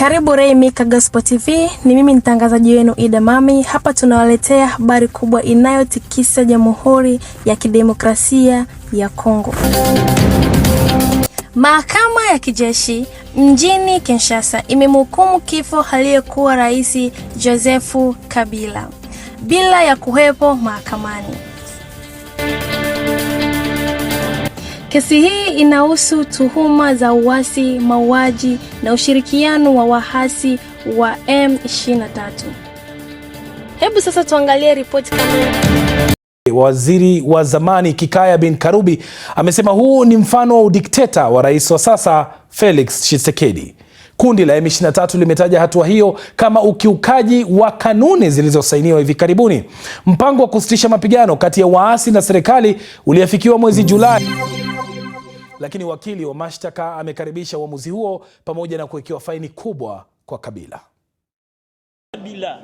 Karibu Raymika Gospel TV, ni mimi mtangazaji wenu Ida Mami. Hapa tunawaletea habari kubwa inayotikisa Jamhuri ya Kidemokrasia ya Kongo. Mahakama ya kijeshi mjini Kinshasa imemhukumu kifo aliyekuwa Rais Joseph Kabila bila ya kuwepo mahakamani. Kesi hii inahusu tuhuma za uasi, mauaji na ushirikiano wa wahasi wa M23. Hebu sasa tuangalie ripoti kamili. Waziri wa zamani Kikaya bin Karubi amesema huu ni mfano wa udikteta wa rais wa sasa Felix Tshisekedi. Kundi la M23 limetaja hatua hiyo kama ukiukaji wa kanuni zilizosainiwa hivi karibuni. Mpango wa kusitisha mapigano kati ya waasi na serikali uliafikiwa mwezi Julai lakini wakili wa mashtaka amekaribisha uamuzi huo pamoja na kuwekewa faini kubwa kwa Kabila. Kabila,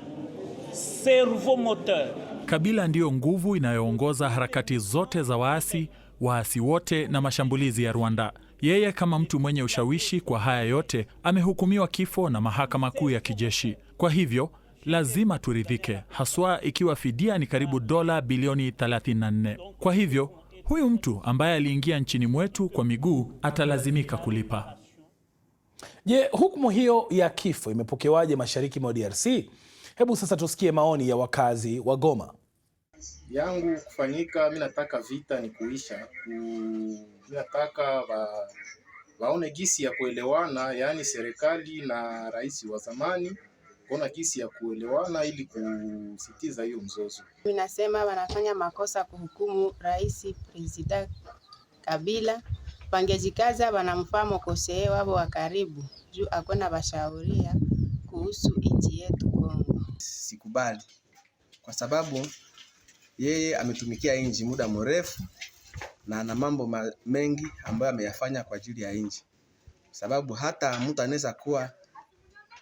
servo moteur. Kabila ndiyo nguvu inayoongoza harakati zote za waasi, waasi wote na mashambulizi ya Rwanda. Yeye kama mtu mwenye ushawishi kwa haya yote amehukumiwa kifo na mahakama kuu ya kijeshi. Kwa hivyo lazima turidhike, haswa ikiwa fidia ni karibu dola bilioni 34. Kwa hivyo huyu mtu ambaye aliingia nchini mwetu kwa miguu atalazimika kulipa. Je, hukumu hiyo ya kifo imepokewaje mashariki mwa DRC? Hebu sasa tusikie maoni ya wakazi wa Goma. yangu kufanyika, mi nataka vita ni kuisha, mi nataka waone gisi ya kuelewana, yaani serikali na rais wa zamani kuona kisi ya kuelewana ili kusitiza hiyo mzozo. Minasema wanafanya makosa kuhukumu rais presida Kabila, wangejikaza wanamfaa mokosee wavo wa karibu juu akona washauria kuhusu nchi yetu Kongo. Sikubali kwa sababu yeye ametumikia nchi muda mrefu na ana mambo mengi ambayo ameyafanya kwa ajili ya nchi, sababu hata mtu anaweza kuwa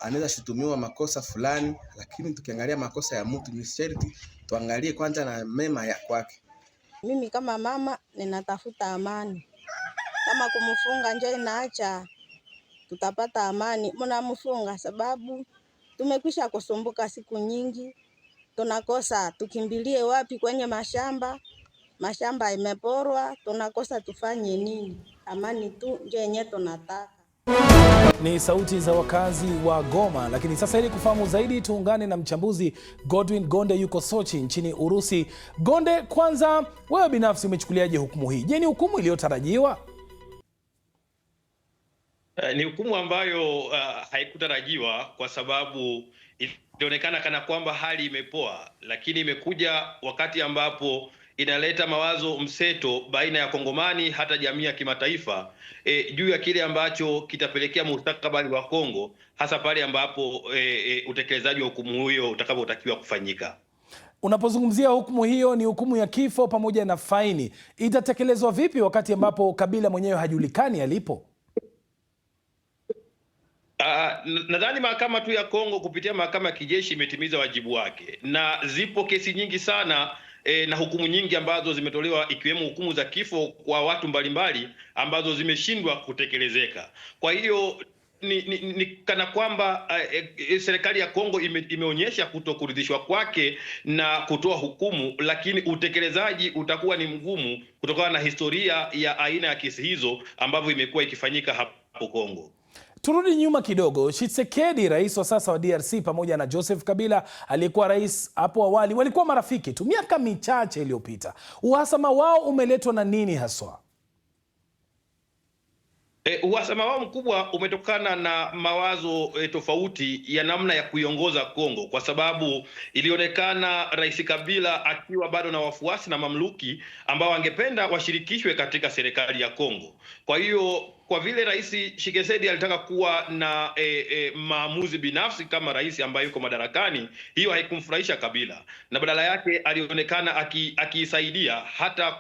anaweza shutumiwa makosa fulani, lakini tukiangalia makosa ya mtu ni sharti tuangalie kwanza na mema ya kwake. Mimi kama mama ninatafuta amani, kama kumfunga njo inaacha tutapata amani. Mnamfunga sababu tumekwisha kusumbuka siku nyingi, tunakosa tukimbilie wapi? Kwenye mashamba, mashamba imeporwa, tunakosa tufanye nini? Amani tu nje yenye tunataka. Ni sauti za wakazi wa Goma. Lakini sasa, ili kufahamu zaidi, tuungane na mchambuzi Godwin Gonde, yuko Sochi nchini Urusi. Gonde, kwanza wewe binafsi umechukuliaje hukumu hii? Je, ni hukumu iliyotarajiwa? Uh, ni hukumu ambayo uh, haikutarajiwa kwa sababu ilionekana kana kwamba hali imepoa, lakini imekuja wakati ambapo inaleta mawazo mseto baina ya Kongomani hata jamii ya kimataifa e, juu ya kile ambacho kitapelekea mustakabali wa Kongo hasa pale ambapo e, e, utekelezaji wa hukumu hiyo utakapotakiwa kufanyika. Unapozungumzia hukumu hiyo, ni hukumu ya kifo pamoja na faini. Itatekelezwa vipi wakati ambapo Kabila mwenyewe hajulikani alipo? Uh, nadhani mahakama tu ya Kongo kupitia mahakama ya kijeshi imetimiza wajibu wake, na zipo kesi nyingi sana e, na hukumu nyingi ambazo zimetolewa ikiwemo hukumu za kifo kwa watu mbalimbali ambazo zimeshindwa kutekelezeka. Kwa hiyo ni, ni, ni kana kwamba eh, eh, serikali ya Kongo ime, imeonyesha kutokuridhishwa kwake na kutoa hukumu, lakini utekelezaji utakuwa ni mgumu kutokana na historia ya aina ya kesi hizo ambavyo imekuwa ikifanyika hapo Kongo. Turudi nyuma kidogo. Tshisekedi, rais wa sasa wa DRC, pamoja na Joseph Kabila aliyekuwa rais hapo awali, walikuwa marafiki tu miaka michache iliyopita. Uhasama wao umeletwa na nini haswa? E, uhasama wao mkubwa umetokana na mawazo e, tofauti ya namna ya kuiongoza Kongo, kwa sababu ilionekana Rais Kabila akiwa bado na wafuasi na mamluki ambao angependa washirikishwe katika serikali ya Kongo. Kwa hiyo kwa vile Rais Tshisekedi alitaka kuwa na e, e, maamuzi binafsi kama rais ambaye yuko madarakani, hiyo haikumfurahisha Kabila, na badala yake alionekana akiisaidia hata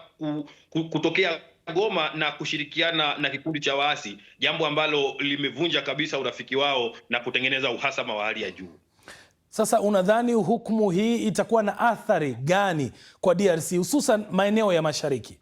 kutokea Goma na kushirikiana na kikundi cha waasi, jambo ambalo limevunja kabisa urafiki wao na kutengeneza uhasama wa hali ya juu. Sasa unadhani hukumu hii itakuwa na athari gani kwa DRC hususan maeneo ya mashariki?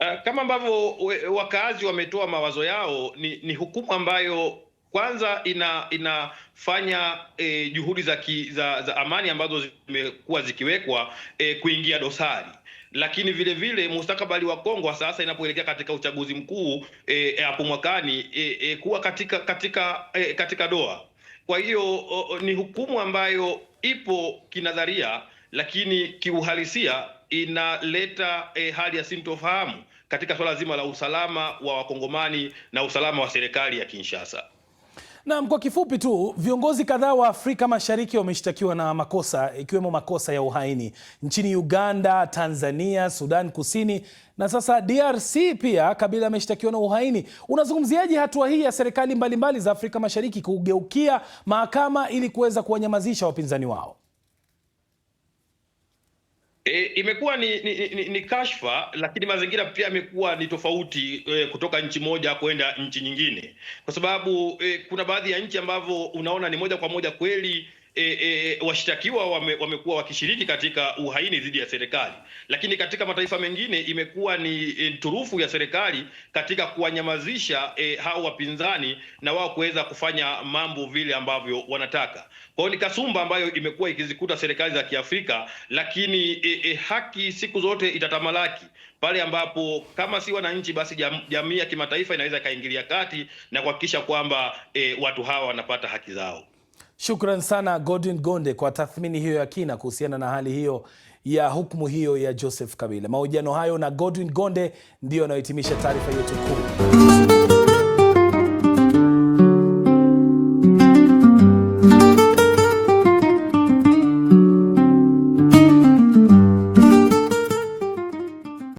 Uh, kama ambavyo wakaazi wametoa mawazo yao ni, ni hukumu ambayo kwanza ina inafanya eh, juhudi za, ki, za, za amani ambazo zimekuwa zikiwekwa eh, kuingia dosari lakini vile vile mustakabali wa Kongo sasa inapoelekea katika uchaguzi mkuu e, e, hapo e, mwakani e, e, kuwa katika katika e, katika doa. Kwa hiyo ni hukumu ambayo ipo kinadharia, lakini kiuhalisia inaleta e, hali ya sintofahamu katika swala zima la usalama wa Wakongomani na usalama wa serikali ya Kinshasa. Naam, kwa kifupi tu, viongozi kadhaa wa Afrika Mashariki wameshtakiwa na makosa ikiwemo makosa ya uhaini nchini Uganda, Tanzania, Sudan Kusini na sasa DRC pia Kabila ameshtakiwa na uhaini. Unazungumziaje hatua hii ya serikali mbalimbali za Afrika Mashariki kugeukia mahakama ili kuweza kuwanyamazisha wapinzani wao? E, imekuwa ni, ni, ni, ni kashfa, lakini mazingira pia yamekuwa ni tofauti e, kutoka nchi moja kwenda nchi nyingine, kwa sababu e, kuna baadhi ya nchi ambavyo unaona ni moja kwa moja kweli E, e, washtakiwa wame, wamekuwa wakishiriki katika uhaini dhidi ya serikali, lakini katika mataifa mengine imekuwa ni e, turufu ya serikali katika kuwanyamazisha e, hao wapinzani na wao kuweza kufanya mambo vile ambavyo wanataka. Kwa hiyo ni kasumba ambayo imekuwa ikizikuta serikali za Kiafrika, lakini e, e, haki siku zote itatamalaki pale ambapo kama si wananchi basi jamii ya kimataifa inaweza ikaingilia kati na kuhakikisha kwamba e, watu hawa wanapata haki zao. Shukran sana godwin Gonde kwa tathmini hiyo ya kina kuhusiana na hali hiyo ya hukumu hiyo ya Joseph Kabila. Mahojiano hayo na Godwin Gonde ndiyo yanayohitimisha taarifa yetu kuu.